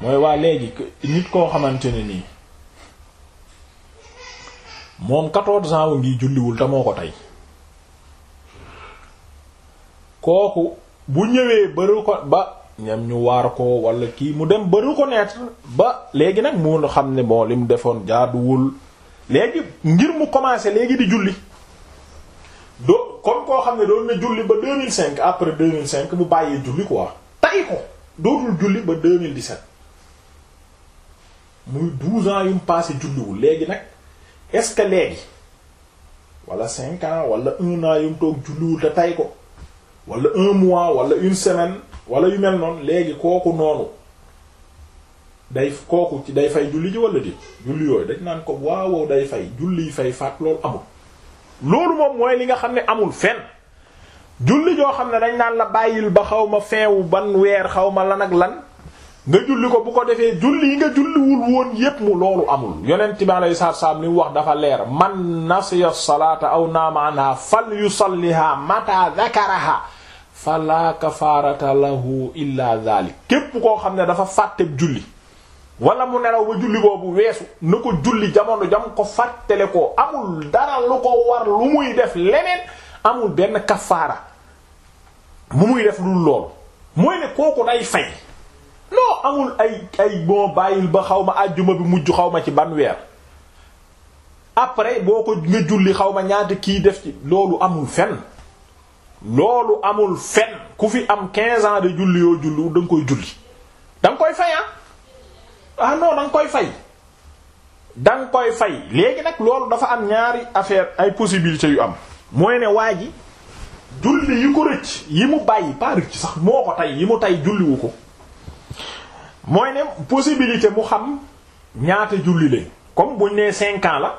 mooy waa léegi nit koo xamante ne nii moom quatorze ans wu ngi julliwul te moo ko tey kooku bu ñëwee bëru ko ba ñam ñu waar ko wala kii mu dem ba reconnaître ba léegi nag mu xam ne bon li mu defoon jaaduwul léegi ngir mu commencer léegi di julli do kon koo xam ne doon na julli ba 2005 après 2005 mu bàyyee julli quoi tay ko dootul julli ba 2017 muy douze ans yu mu passé julliwul léegi nag est-ce que léegi wala cinq ans wala un an yu mu toog julliwul te tay ko wala un mois wala une semaine wala yu mel noonu léegi kooku noonu day kooku ci day fay julli ji wala di julli yooyu dañ naan ko waaw day fay julli fay faat loolu amul loolu moom mooy li nga xam ne amul fen julli joo xam ne dañ naan la bàyyil ba xaw ma feewu ban weer xaw ma lan ak lan nga julli ko bu ko defee julli yi nga julliwul woon yépp mu loolu amul yonent bi alayhi salaatu salaam li wax dafa leer man nasiya salaata aw naama anha fal yusalliha mata dhakaraha fala kafaarata lahu illa dhalik képp koo xam ne dafa fàtteb julli wala mu nelaw ba julli boobu ko julli jamono jam ko fàttele ko amul dara lu ko war lu muy def leneen amul benn kafaara mu muy def lu loolu mooy ne kooku day fay loo amul ay ay bon bàyyil ba xaw ma àjjuma bi mujj xaw ma ci ban weer après boo ko nga julli xaw ma ñaata kii def ci loolu amul fenn loolu amul fenn ku fi am 15 ans de julli yoo julli da nga koy julli danga koy fay ah ah non koy fay da koy fay léegi nag loolu dafa am ñaari affaire ay possibilités yu am mooy ne waa ji julli yi ko rëcc yi mu bàyyi pas rëcc sax moo ko tey yi mu tey julliwu ko mooy ne possibilité mu xam ñaata julli lañ comme buñ nee cinq la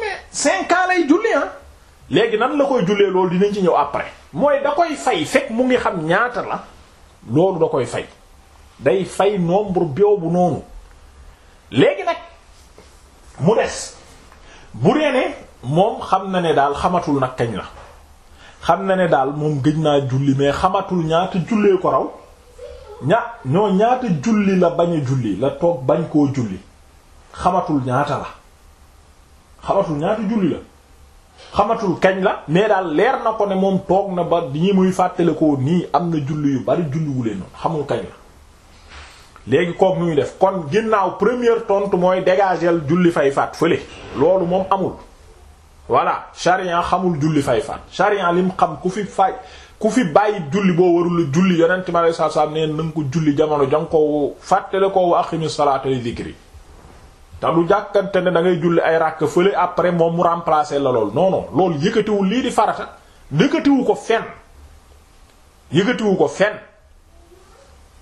mais cinq lay julli ah léegi nan la koy jullee loolu dinañ ci ñëw après mooy da koy fay fekk mu ngi xam ñaata la loolu da koy fay day fay nombre boobu noonu léegi nag mu des bu dee ne moom xam na ne daal xamatul nag kañ la xam na ne daal moom gëj naa julli mais xamatul ñaata jullee ko raw ña ñoo ñaata julli la bañ a julli la toog bañ koo julli xamatul ñaata la xamatul ñaata julli la xamatul kañ la mais daal leer na ko ne moom toog na ba ñi muy fàttale nii am na julli yu bari julliwuleen noonu xamul kañ la léegi kook muy def kon ginnaaw première tontu mooy dégager julli fay faat fële loolu moom amul voilà charian xamul julli fay fan charian lim xam ku fi fay ku fi bàyyi julli boo warul julli yonent mi alayhi salaatu salaam neen na ko julli jamono jang ko fàttale ko wa aqimi salaata li dhikri te lu jàkkante ne da ngay julli ay ràkk fële après moom mu remplacer la lool non non loolu yëkkatiwul lii di farata yëkkatiwu ko fenn yëkkatiwu ko fen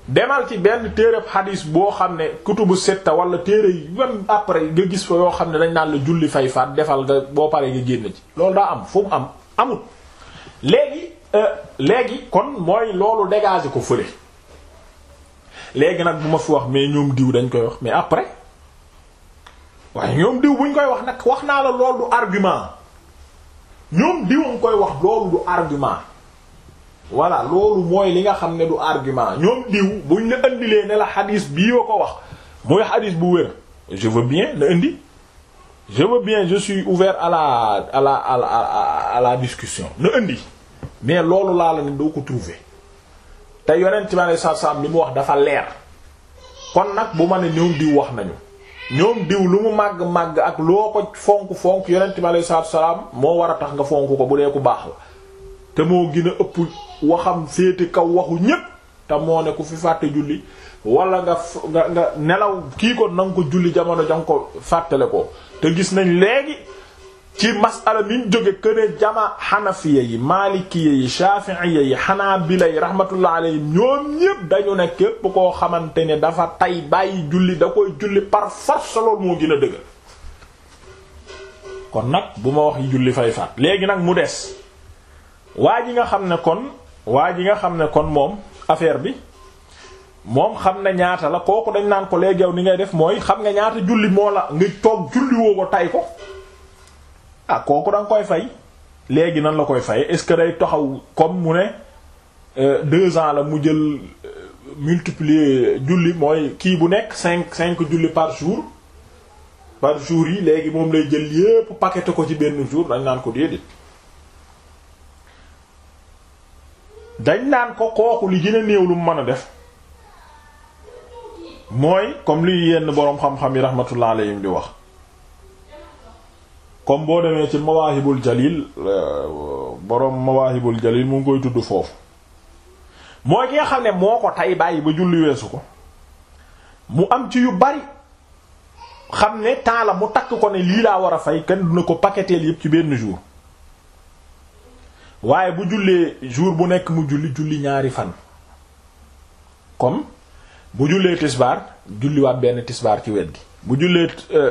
demal ci benn téereb xadis boo xam ne kutubu sitta wala téere yi même après nga gis fa yoo xam ne dañ naan la julli fay faat defal nga boo paree nga génn ci loolu daa am fu mu am amut léegi euh, léegi kon mooy loolu dégager ko fële léegi nag bu ma fi wax mais ñoom diw dañ koy wax mais après waaye ñoom diw buñ koy wax nag wax naa la loolu du argument ñoom diw am koy wax loolu du argument voilà loolu mooy li nga xam ne du argument ñoom diw buñ la indilee ne la xadis bii ko wax mooy xadis bu wér je bien la indi je bien je suis ouvert à la à la à la à la discussion indi mais loolu laa la ne doo ko trouver te yonent ci ma sa sam li mu wax dafa leer kon nag bu ma ne ñoom diw wax nañu ñoom diw lu mu màgg màgg ak loo ko fonk fonk yonent bi alei salaatu salaam moo war a tax nga fonk ko bu dee ku baax la te moo gën ëpp waxam seeti kaw waxu ñépp te moo ne ku fi fàtte julli wala nga nga nga nelaw kii ko na ko julli jamono jang ko fàttale ko te gis nañ léegi ci masala miñ jóge këne jama xanafiya yi maalikiya yi shafi'iya yi xanaabila yi rahmatullah alayhim ñoom ñépp dañu ne képp koo xamante ne dafa tey bàyyi julli da koy julli par force loolu moo gën a dëgg kon nag bu ma wax julli fay faat léegi nag mu des waa ji nga xam ne kon waa ji nga xam ne kon moom affaire bi moom xam na ñaata la kooku dañ naan ko léegi yow ni ngay def mooy xam nga ñaata julli moo la nga toog julli woo ko tay ko ak ah, kooku da koy fay léegi nan la koy fay est-ce que day taxaw comme mu ne euh, deux ans la mu jël euh, multiplier julli mooy kii bu nekk cinq cinq julli par jour par jour yi léegi moom lay jël yépp paqueté ko ci benn jour dañ naan ko déedéet dañ naan ko kooku li gën a néew lu mu mën a def mooy comme li yenn boroom xam-xam yi rahmatullah alayhim di wax comme boo demee ci mawaahibul jalil euh, boroom mawaahibul jalil mu ngi koy tudd foofu mooy ki nga xam ne moo ko tay bàyyi ba julli weesu ko mu am ci yu bari xam ne temps la mu takk ko ne lii laa war a fay kenn duna ko paquetel yépp ci benn jour waaye bu jullee jour bu nekk mu julli julli ñaari fan comme bu jullee tisbaar julliwaat benn tisbaar ci wet gi bu jullee euh,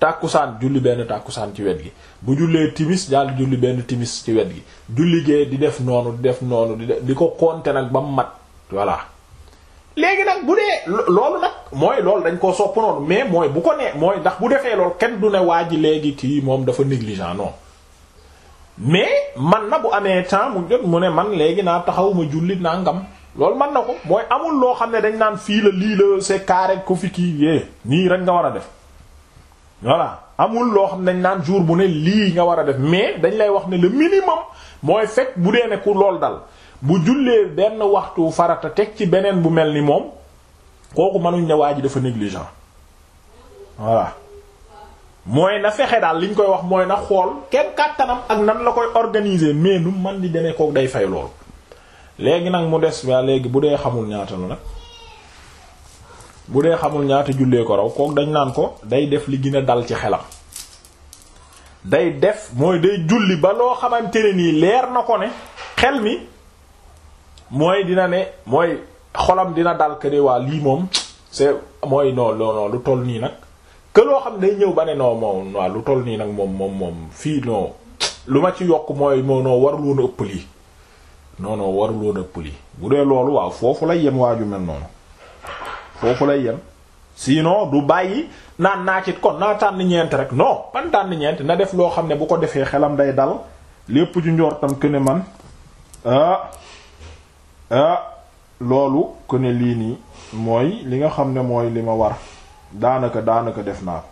tàkkusaan julli benn tàkkusaan ci wet gi bu jullee timis daal julli benn timis ci wet gi julli gee di def noonu di def noonu di di ko compter nag ba mu mat voilà léegi nag bu dee loolu nag mooy loolu dañ koo sopp noonu mais mooy bu ko nee mooy ndax bu defee loolu kenn du ne waa ji léegi kii moom dafa négligent noonu mais man na bu amee temps mu jot mu ne man léegi naa taxaw ma jullit naa ngam loolu man na ko mooy amul loo xam ne dañ naan fii la lii la c'est carré ko fi kii yée nii rek nga war a def voilà amul loo xam ne dañ naan jour bu ne lii nga war a def mais dañ lay wax ne le minimum mooy fekk bu dee ne ku lool dal bu jullee benn waxtu farata teg ci beneen bu mel ni moom kooku mënuñ ne waa ji dafa négligent voilà mooy na fexe daal liñ koy wax mooy na xool kenn kàttanam ak nan la koy organiser mais nu man di demee kook day fay lool léegi nag mu des ba léegi bu dee xamul ñaata la nag bu dee xamul ñaata jullee ko raw kook dañ naan ko day def li gën a dal ci xelam day def mooy day julli ba loo xamante ne nii leer na ko ne xel mi mooy dina ne mooy xolam dina dal que ne waa lii moom c'est mooy non non lu toll nii nag kë loo xam ne day ñëw ba ne non moom waaw lu toll nii nag moom moom moom fii non lu ma ci yokk mooy moo noo warul woon a ëpp lii bu dee loolu waaw foofu lay yem waaju mel noonu foofu lay yem sinon du bàyyi naan naa ci kon naa tànn ñeent rek non ban tànn ñeent na def loo xam ne bu ko defee xelam day dal lépp ju njortam que ne man ah ah loolu que lii nii mooy li nga xam ne mooy li ma war. daanaka daanaka def naa